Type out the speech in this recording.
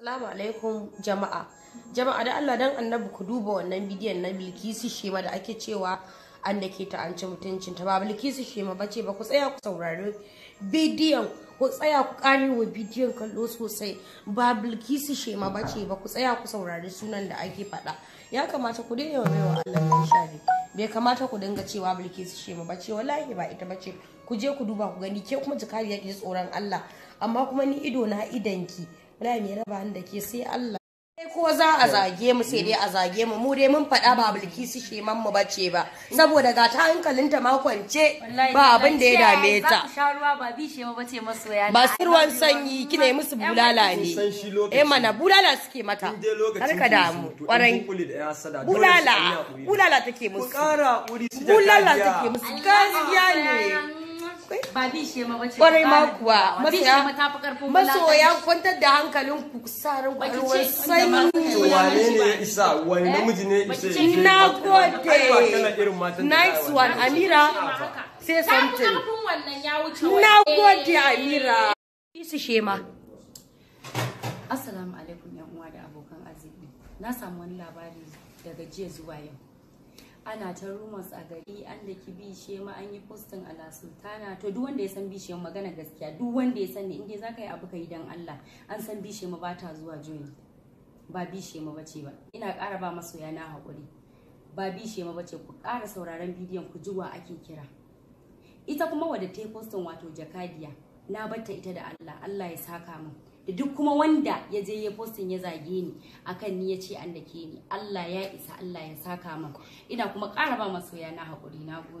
Salamu alaikum jama'a. Jama'a da Allah dan annabi ku duba wannan bidiyon na Bilkisu Shema da ake cewa an da ke ta'anci mutuncin ta ba Bilkisu Shema ba ce ba ku tsaya ku saurari bidiyon ku tsaya ku kare wa bidiyon kallo sosai ba Bilkisu Shema ba ce ba ku tsaya ku saurari sunan da ake faɗa. Ya kamata ku daina wa Allah mai shari. Bai kamata ku dinga cewa Bilkisu Shema ba ce wallahi ba ita ba ce ku je ku duba ku gani ke kuma jikari ya tsoron Allah amma kuma ni ido na idanki. ki wallahi me raba ni da ke sai Allah ko za a zage mu sai dai a zage mu mu dai mun faɗa ba bilkisu sheman mu bace ba saboda ga ta hankalinta ma kwance ba abin da ya dame ta ba su ruwan sanyi kina yi musu bulala ne eh mana bulala suke mata kar ka damu kwarai bulala bulala take musu bulala take musu gaskiya ne ba bishe ma bace kwantar da hankalin ku sarin kwarwar sanyi wane ne isa wani eh? namiji ne isa na gode na gode amira eh. shema assalamu alaikum yan uwa da abokan arziki na samu wani labari daga jiya zuwa yau ana ta rumors a gari an da ki bishe ma an yi posting a sultana to duk wanda ya san bishe magana gaskiya duk wanda ya san sani inda zaka yi abu kai dan Allah an san bishe ma bata zuwa join ba bishe ma bace ba ina ƙara ba masoya na hakuri ba bishe ma bace ku ƙara sauraron bidiyon ku ji wa ake kira ita kuma wadda ta posting wato jakadiya na batta ita da Allah Allah ya saka min da duk kuma wanda ya je ya postin ya zage ni akan ni ya ce an dake ni Allah ya isa Allah ya saka min ina kuma ƙara ba masoya na haƙuri na gode